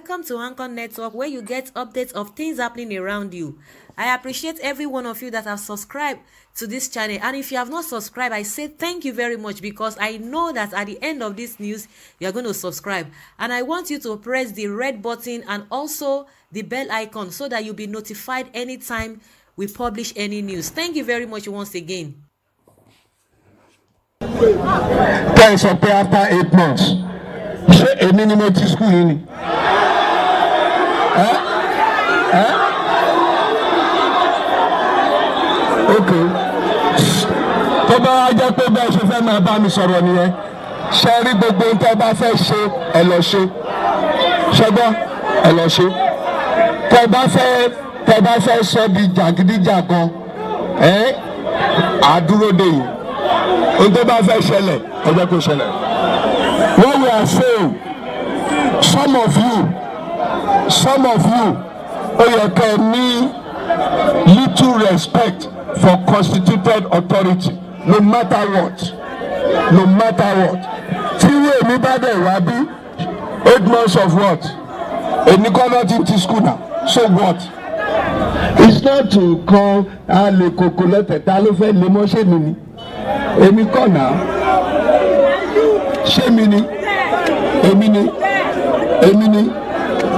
Welcome to Anchor Network where you get updates of things happening around you. I appreciate every one of you that have subscribed to this channel. And if you have not subscribed, I say thank you very much because I know that at the end of this news, you're going to subscribe. And I want you to press the red button and also the bell icon so that you'll be notified anytime we publish any news. Thank you very much once again. Thanks for after eight months. Ṣé èmi ni mo ti school yìí ni? Hein Hein Ok. Tó bá jẹ́ pé bẹ́ẹ̀ ṣe fẹ́ máa bá mi sọ̀rọ̀ nìyẹn. Ṣé rí gbogbo ohun tẹ́ bá fẹ́ ṣe ẹ lọ ṣe? Ṣẹ́gbọ́n ẹ lọ ṣe. Tẹ́ bá fẹ́ tẹ́ bá fẹ́ sọ di jàgídíjàgan ẹ́ àdúró dè yìí. Ohun tó bá fẹ́ ṣẹlẹ̀ ẹ jẹ́ kó ṣẹlẹ̀. Wọ́n wẹ̀ àṣẹ o, some of you some of you ó yẹ kẹ́ ní little respect for constituted authority no matter what no matter what tí wọ́n èmi bá dẹ̀ eight months of what èmi kọ́ náà ti ti school na so what it's not to call alè kòkò lọ́tẹ̀ta ló fẹ́ lè mọ́ ṣé mi ni èmi kọ́ náà ṣé mi ni èmi ni èmi ni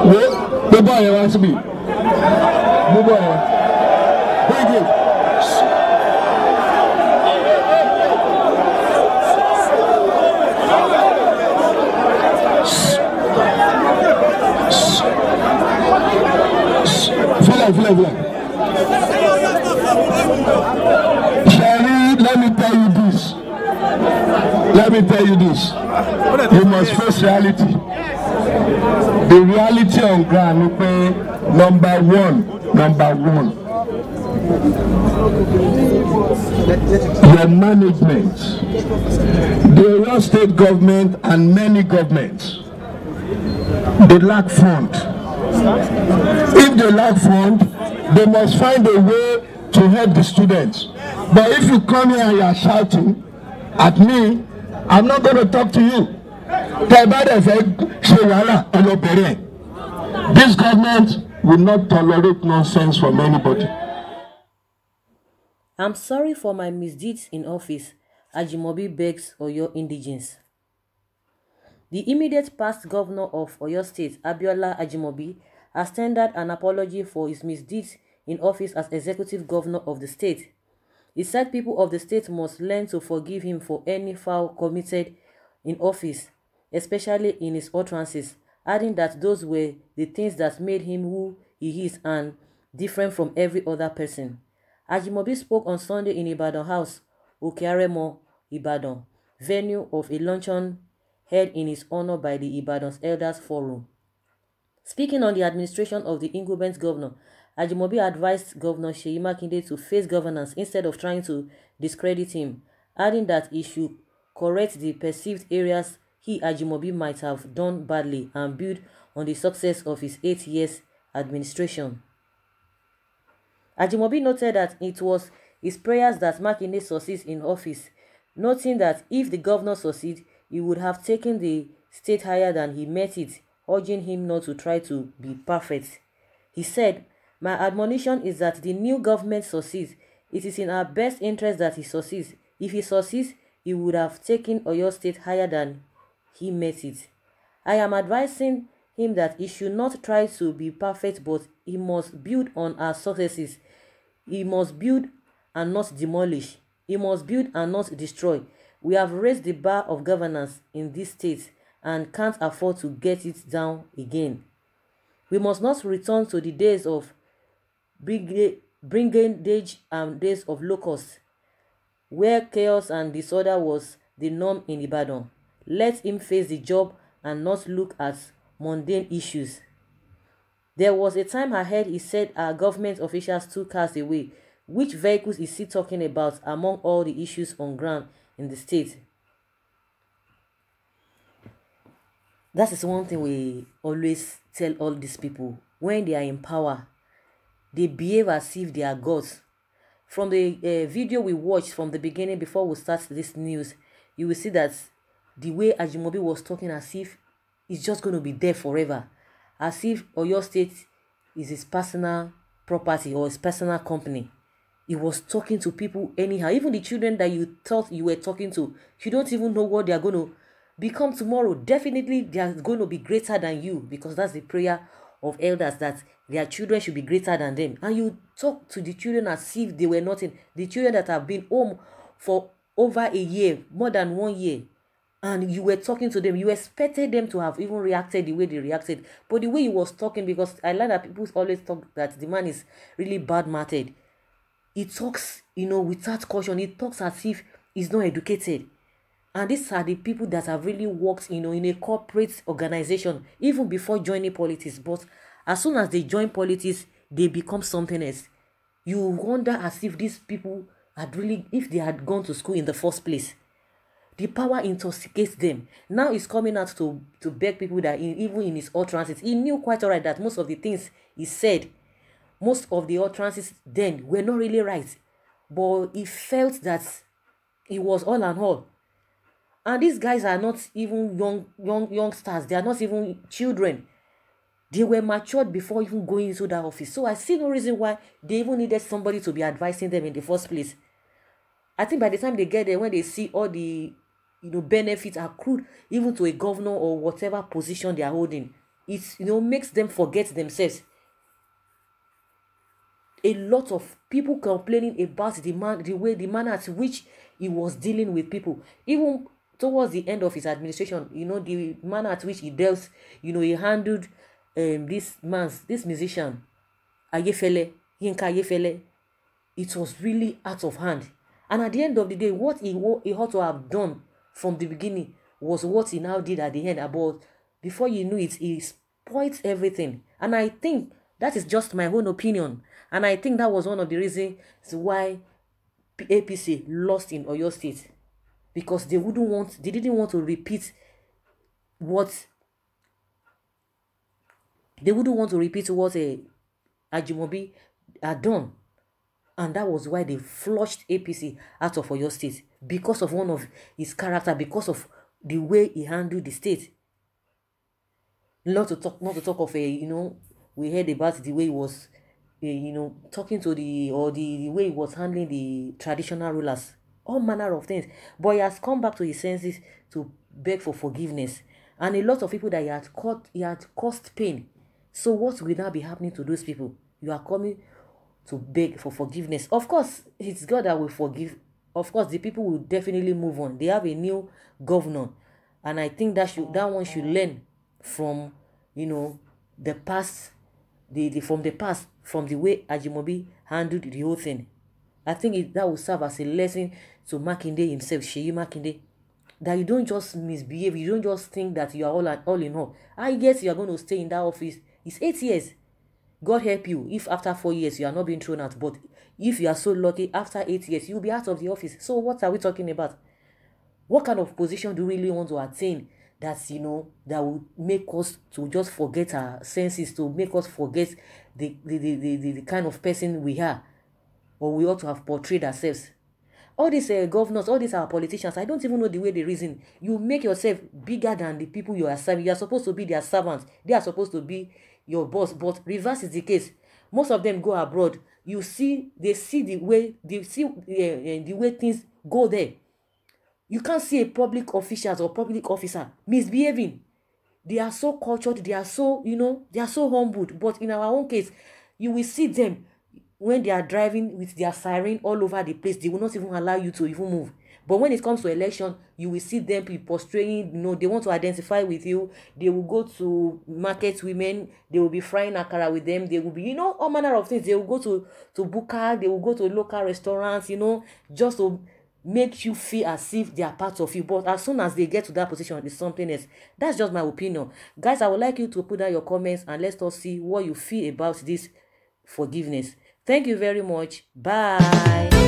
wo gbé bọ́ọ̀ yẹn wá síbi gbé bọ́ọ̀ yẹn bring it. Fúlẹ̀ fúlẹ̀ fúlẹ̀. Sherry, let me tell you this. Let me tell you this. You must face reality the reality on ground ni pé number one number one your management the Oyo state government and many governments they lack fund if they lack fund they must find a way to help the students but if you come here and you are shouting at me I'm not going to talk to you. this government will not tolerate nonsense from anybody. I'm sorry for my misdeeds in office, Ajimobi begs Oyo indigents. The immediate past governor of Oyo State, Abiola Ajimobi, has tendered an apology for his misdeeds in office as executive governor of the state. He said people of the state must learn to forgive him for any foul committed in office especially in his utterances, adding that those were the things that made him who he is and different from every other person. Ajimobi spoke on Sunday in Ibadan House, Okearemo, Ibadan, venue of a luncheon held in his honor by the Ibadan's Elders Forum. Speaking on the administration of the incumbent governor, Ajimobi advised Governor Sheyi Makinde to face governance instead of trying to discredit him, adding that he should correct the perceived areas he Ajimobi might have done badly and build on the success of his eight years administration. Ajimobi noted that it was his prayers that Makinde succeeds in office, noting that if the governor succeeds, he would have taken the state higher than he met it, urging him not to try to be perfect. He said, My admonition is that the new government succeeds. It is in our best interest that he succeeds. If he succeeds, he would have taken Oyo State higher than he met it. I am advising him that he should not try to be perfect, but he must build on our successes. He must build and not demolish. He must build and not destroy. We have raised the bar of governance in this state and can't afford to get it down again. We must not return to the days of brigandage and days of locusts, where chaos and disorder was the norm in Ibadan let him face the job and not look at mundane issues. There was a time ahead, he said, our government officials took cars away. Which vehicles is he talking about among all the issues on ground in the state? That is one thing we always tell all these people. When they are in power, they behave as if they are gods. From the uh, video we watched from the beginning before we start this news, you will see that the way Ajimobi was talking as if he's just going to be there forever, as if Oyo State is his personal property or his personal company. He was talking to people anyhow, even the children that you thought you were talking to. You don't even know what they are going to become tomorrow. Definitely, they are going to be greater than you because that's the prayer of elders that their children should be greater than them. And you talk to the children as if they were nothing. The children that have been home for over a year, more than one year, and you were talking to them you expected them to have even reacted the way they reacted but the way he was talking because i learned that people always talk that the man is really bad matted he talks you know without caution he talks as if he's not educated and these are the people that have really worked you know in a corporate organization even before joining politics but as soon as they join politics they become something else you wonder as if these people had really if they had gone to school in the first place the power intoxicates them now he's coming out to to beg people that in, even in his utterances he knew quite all right that most of the things he said most of the utterances then were not really right but he felt that it was all and all and these guys are not even young young youngsters they are not even children they were matured before even going into that office so i see no reason why they even needed somebody to be advising them in the first place i think by the time they get there when they see all the you know benefits accrued even to a governor or whatever position they are holding it you know makes them forget themselves a lot of people complaining about the man the way the manner at which he was dealing with people even towards the end of his administration you know the manner at which he dealt you know he handled um, this man's this musician ayefele yinka ayefele it was really out of hand and at the end of the day what he, he ought to have done from the beginning was what he now did at the end. About before you knew it, he spoils everything. And I think that is just my own opinion. And I think that was one of the reasons why APC lost in Oyo State. Because they wouldn't want, they didn't want to repeat what they wouldn't want to repeat what a uh, eh, Ajimobi had done and that was why they flushed APC out of Oyo State because of one of his character because of the way he handled the state not to talk not to talk of a you know we heard about the way he was uh, you know talking to the or the, the way he was handling the traditional rulers all manner of things but he has come back to his senses to beg for forgiveness and a lot of people that he had caught he had caused pain so what will now be happening to those people you are coming to beg for forgiveness of course it's god that will forgive of course the people will definitely move on they have a new governor and i think that should that one should learn from you know the past the, the from the past from the way ajimobi handled the whole thing i think it, that will serve as a lesson to makinde himself seyi makinde that you don't just misbehave you don't just think that you are all, all in all i guess you are going to stay in that office it's eight years God help you if after four years you are not being thrown out. But if you are so lucky, after eight years, you'll be out of the office. So what are we talking about? What kind of position do we really want to attain that you know that will make us to just forget our senses, to make us forget the the, the, the, the, the kind of person we are or we ought to have portrayed ourselves? all these uh, governors all these our politicians i don't even know the way they reason you make yourself bigger than the people you are serving you are supposed to be their servants. they are supposed to be your boss but reverse is the case most of them go abroad you see they see the way they see uh, uh, the way things go there you can't see a public official or public officer misbehaving they are so cultured they are so you know they are so humbled but in our own case you will see them when they are driving with their siren all over the place they will not even allow you to even move but when it comes to election you will see them be posturing. you know they want to identify with you they will go to market women they will be frying akara with them they will be you know all manner of things they will go to to buka they will go to local restaurants you know just to make you feel as if they are part of you but as soon as they get to that position it's something else that's just my opinion guys i would like you to put down your comments and let's all see what you feel about this forgiveness thank you very much bye